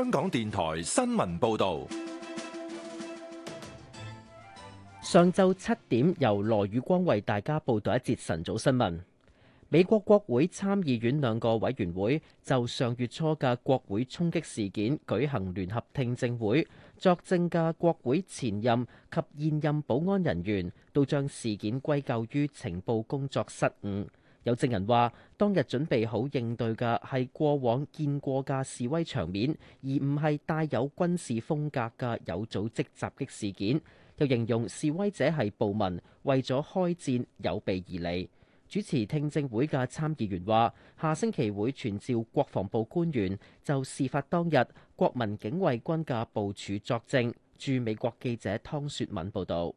香港電台新聞報道：上晝七點，由羅宇光為大家報道一節晨早新聞。美國國會參議院兩個委員會就上月初嘅國會衝擊事件舉行聯合聽證會，作證嘅國會前任及現任保安人員都將事件歸咎於情報工作失誤。有證人話：當日準備好應對嘅係過往見過嘅示威場面，而唔係帶有軍事風格嘅有組織襲擊事件。又形容示威者係暴民，為咗開戰有備而嚟。主持聽證會嘅參議員話：下星期會傳召國防部官員就事發當日國民警衛軍嘅部署作證。駐美國記者湯雪敏報道。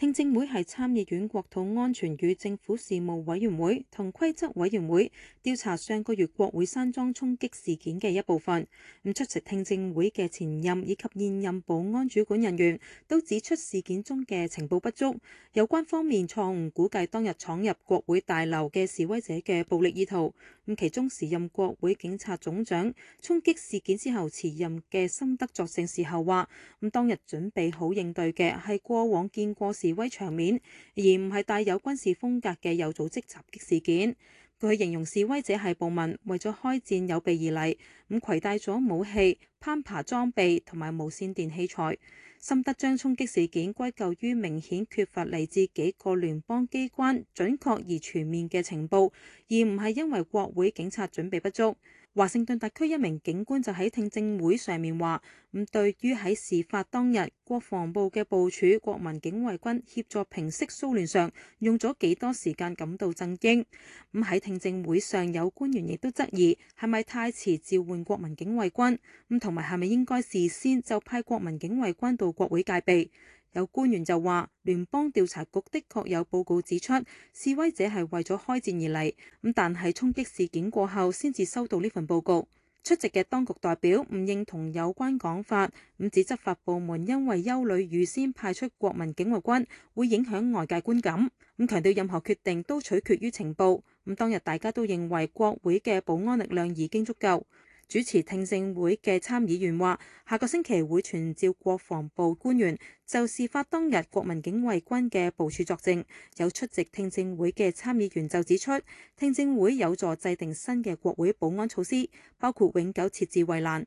聽證會係參議院國土安全與政府事務委員會同規則委員會調查上個月國會山莊衝擊事件嘅一部分。咁出席聽證會嘅前任以及現任保安主管人員都指出事件中嘅情報不足，有關方面錯誤估計當日闖入國會大樓嘅示威者嘅暴力意圖。咁其中時任國會警察總長，衝擊事件之後辭任嘅辛德作證時候話：咁當日準備好應對嘅係過往見過事示威場面，而唔係帶有軍事風格嘅有組織襲擊事件。佢形容示威者係暴民，為咗開戰有備而嚟，咁攜帶咗武器、攀爬裝備同埋無線電器材，深得將衝擊事件歸咎於明顯缺乏嚟自幾個聯邦機關準確而全面嘅情報，而唔係因為國會警察準備不足。華盛頓特區一名警官就喺聽證會上面話，咁對於喺事發當日國防部嘅部署，國民警衛軍協助平息騷亂上用咗幾多時間感到震驚。咁喺聽證會上，有官員亦都質疑係咪太遲召喚國民警衛軍，咁同埋係咪應該事先就派國民警衛軍到國會戒備。有官員就話，聯邦調查局的確有報告指出示威者係為咗開戰而嚟，咁但係衝擊事件過後先至收到呢份報告。出席嘅當局代表唔認同有關講法，咁指執法部門因為憂慮預先派出國民警衛軍會影響外界觀感，咁強調任何決定都取決於情報。咁當日大家都認為國會嘅保安力量已經足夠。主持聽證會嘅參議員話：下個星期會傳召國防部官員就事發當日國民警衛軍嘅部署作證。有出席聽證會嘅參議員就指出，聽證會有助制定新嘅國會保安措施，包括永久設置圍欄。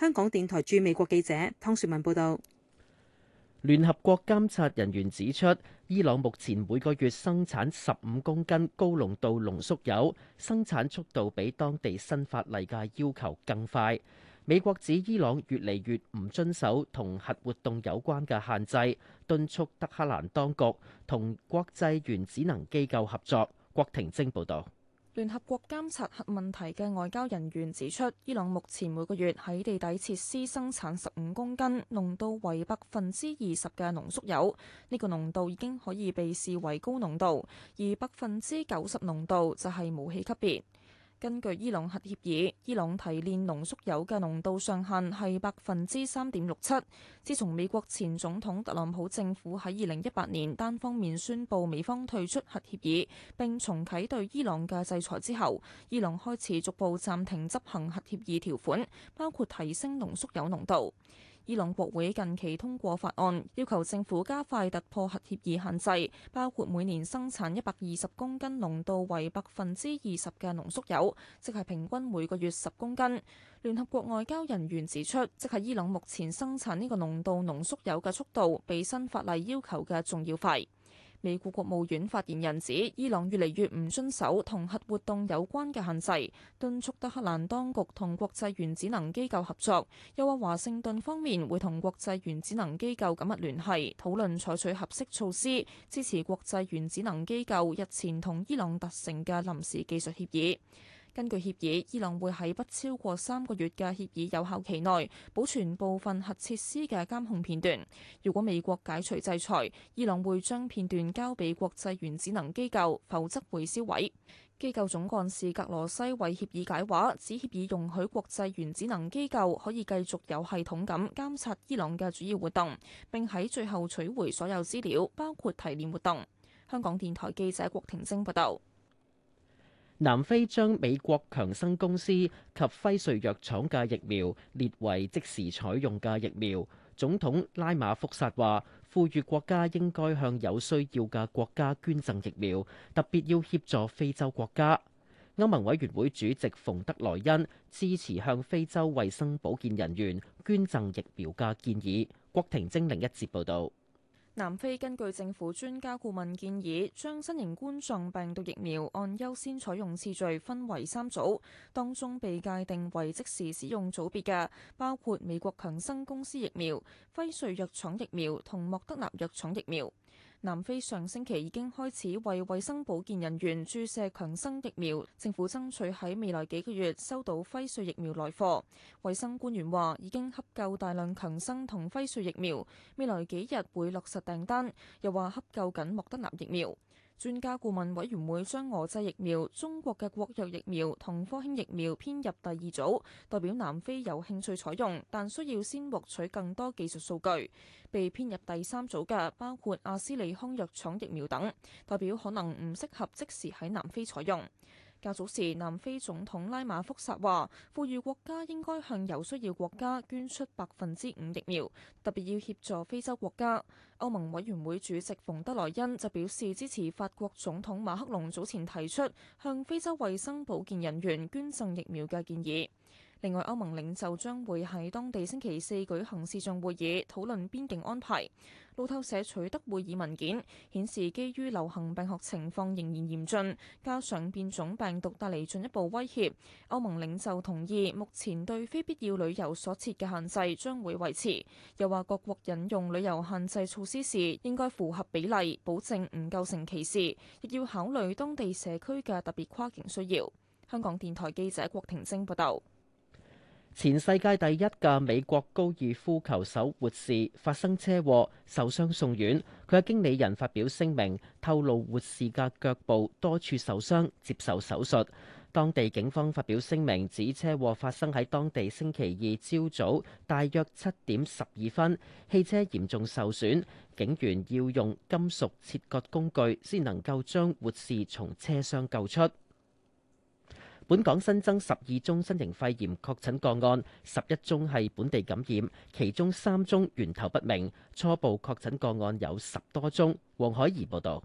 香港電台駐美國記者湯雪文報導。聯合國監察人員指出，伊朗目前每個月生產十五公斤高濃度濃縮鈾，生產速度比當地新法例嘅要求更快。美國指伊朗越嚟越唔遵守同核活動有關嘅限制，敦促德黑蘭當局同國際原子能機構合作。郭婷晶報導。聯合國監察核問題嘅外交人員指出，伊朗目前每個月喺地底設施生產十五公斤濃度為百分之二十嘅濃縮鈾，呢個濃度已經可以被視為高濃度，而百分之九十濃度就係武器級別。根據伊朗核協議，伊朗提煉濃縮鈾嘅濃度上限係百分之三點六七。自從美國前總統特朗普政府喺二零一八年單方面宣布美方退出核協議，並重啟對伊朗嘅制裁之後，伊朗開始逐步暫停執行核協議條款，包括提升濃縮鈾濃度。伊朗國會近期通過法案，要求政府加快突破核協議限制，包括每年生產一百二十公斤濃度為百分之二十嘅濃縮鈾，即係平均每個月十公斤。聯合國外交人員指出，即係伊朗目前生產呢個濃度濃縮鈾嘅速度，比新法例要求嘅仲要快。美國國務院發言人指，伊朗越嚟越唔遵守同核活動有關嘅限制，敦促德黑蘭當局同國際原子能機構合作，又話華盛頓方面會同國際原子能機構緊密聯繫，討論採取合適措施，支持國際原子能機構日前同伊朗達成嘅臨時技術協議。根據協議，伊朗會喺不超過三個月嘅協議有效期內，保存部分核設施嘅監控片段。如果美國解除制裁，伊朗會將片段交俾國際原子能機構，否則會銷毀。機構總幹事格羅西為協議解話，指協議容許國際原子能機構可以繼續有系統咁監察伊朗嘅主要活動，並喺最後取回所有資料，包括提煉活動。香港電台記者郭婷晶報道。南非將美國強生公司及輝瑞藥廠嘅疫苗列為即時採用嘅疫苗。總統拉馬福薩話，富裕國家應該向有需要嘅國家捐贈疫苗，特別要協助非洲國家。歐盟委員會主席馮德萊恩支持向非洲衞生保健人員捐贈疫苗嘅建議。郭婷晶另一節報導。南非根據政府專家顧問建議，將新型冠狀病毒疫苗按優先採用次序分為三組，當中被界定為即時使用組別嘅，包括美國強生公司疫苗、輝瑞藥廠疫苗同莫德納藥廠疫苗。南非上星期已經開始為衛生保健人員注射強生疫苗，政府爭取喺未來幾個月收到輝瑞疫苗來貨。衛生官員話已經洽購大量強生同輝瑞疫苗，未來幾日會落實訂單，又話洽購緊莫德納疫苗。專家顧問委員會將俄製疫苗、中國嘅國藥疫苗同科興疫苗編入第二組，代表南非有興趣採用，但需要先獲取更多技術數據。被編入第三組嘅包括阿斯利康藥廠疫苗等，代表可能唔適合即時喺南非採用。較早時，南非總統拉馬福薩話，富裕國家應該向有需要國家捐出百分之五疫苗，特別要協助非洲國家。歐盟委員會主席馮德萊恩就表示支持法國總統馬克龍早前提出向非洲衛生保健人員捐贈疫苗嘅建議。另外，歐盟領袖將會喺當地星期四舉行視像會議，討論邊境安排。路透社取得會議文件，顯示基於流行病學情況仍然嚴峻，加上變種病毒帶嚟進一步威脅，歐盟領袖同意目前對非必要旅遊所設嘅限制將會維持。又話各國引用旅遊限制措施時應該符合比例，保證唔構成歧視，亦要考慮當地社區嘅特別跨境需要。香港電台記者郭婷晶報道。前世界第一嘅美國高爾夫球手活士發生車禍，受傷送院。佢嘅經理人發表聲明，透露活士嘅腳部多處受傷，接受手術。當地警方發表聲明，指車禍發生喺當地星期二朝早，大約七點十二分，汽車嚴重受損，警員要用金屬切割工具先能夠將活士從車廂救出。本港新增十二宗新型肺炎確診個案，十一宗係本地感染，其中三宗源頭不明。初步確診個案有十多宗。黃海怡報道。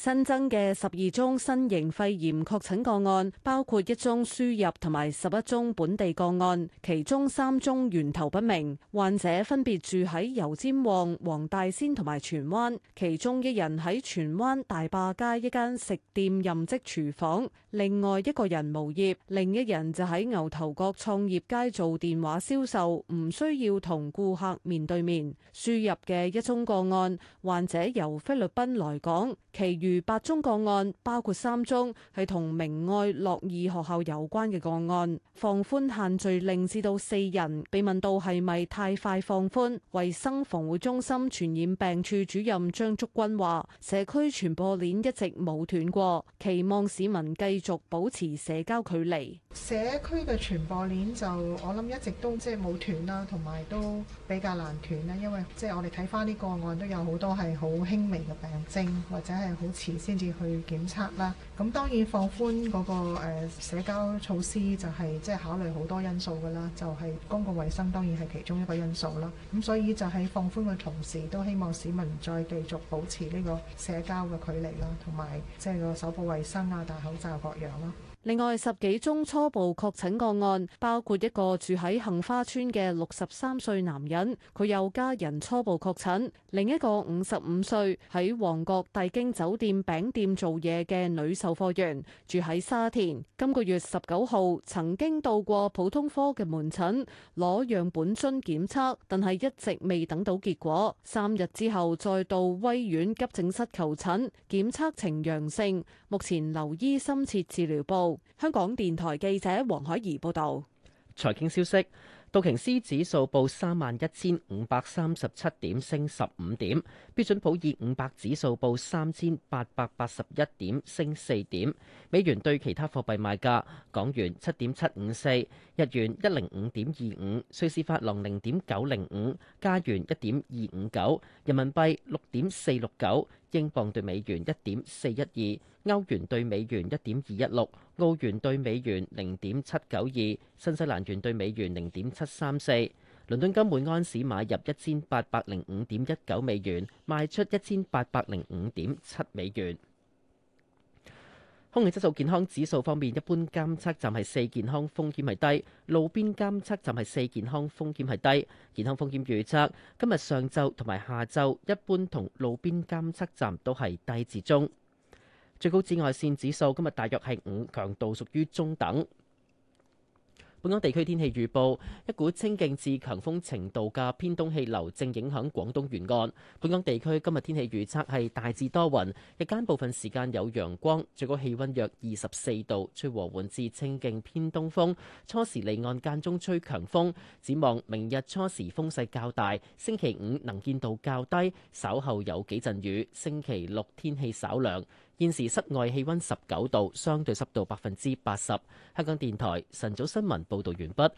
新增嘅十二宗新型肺炎確診個案，包括一宗輸入同埋十一宗本地個案，其中三宗源頭不明。患者分別住喺油尖旺、黃大仙同埋荃灣，其中一人喺荃灣大壩街一間食店任職廚房，另外一個人無業，另一人就喺牛頭角創業街做電話銷售，唔需要同顧客面對面。輸入嘅一宗個案，患者由菲律賓來港，其餘。如八宗個案，包括三宗係同明愛樂義學校有關嘅個案，放寬限聚令至到四人。被問到係咪太快放寬，衛生防護中心傳染病處主任張竹君話：社區傳播鏈一直冇斷過，期望市民繼續保持社交距離。社區嘅傳播鏈就我諗一直都即係冇斷啦，同埋都比較難斷啦，因為即係我哋睇翻啲個案都有好多係好輕微嘅病徵，或者係好。先至去檢測啦。咁當然放寬嗰個誒社交措施，就係即係考慮好多因素噶啦。就係、是、公共衞生當然係其中一個因素啦。咁所以就喺放寬嘅同時，都希望市民再繼續保持呢個社交嘅距離啦，同埋即係個手部衞生啊、戴口罩各樣咯。另外，十幾宗初步確診個案，包括一個住喺杏花村嘅六十三歲男人，佢有家人初步確診；另一個五十五歲喺旺角帝京酒店餅店做嘢嘅女售貨員，住喺沙田，今個月十九號曾經到過普通科嘅門診攞樣本樽檢測，但係一直未等到結果。三日之後再到威院急症室求診，檢測呈陽性，目前留醫深切治療部。香港電台記者王海怡報道。財經消息，道瓊斯指數報三萬一千五百三十七點，升十五點。標準普，普爾五百指數報三千八百八十一點，升四點。美元兌其他貨幣賣價：港元七點七五四，日元一零五點二五，瑞士法郎零點九零五，加元一點二五九，人民幣六點四六九，英鎊兌美元一點四一二，歐元兌美元一點二一六，澳元兌美元零點七九二，新西蘭元兌美元零點七三四。倫敦金每安士買入一千八百零五點一九美元，賣出一千八百零五點七美元。空氣質素健康指數方面，一般監測站係四，健康風險係低，路邊監測站係四，健康風險係低。健康風險預測，今日上晝同埋下晝，一般同路邊監測站都係低至中。最高紫外線指數今日大約係五，強度屬於中等。本港地區天氣預報：一股清勁至強風程度嘅偏東氣流正影響廣東沿岸。本港地區今日天氣預測係大致多雲，日間部分時間有陽光，最高氣溫約二十四度，吹和緩至清勁偏東風，初時離岸間中吹強風。展望明日初時風勢較大，星期五能見度較低，稍後有幾陣雨，星期六天氣稍涼。現時室外氣溫十九度，相對濕度百分之八十。香港電台晨早新聞報導完畢。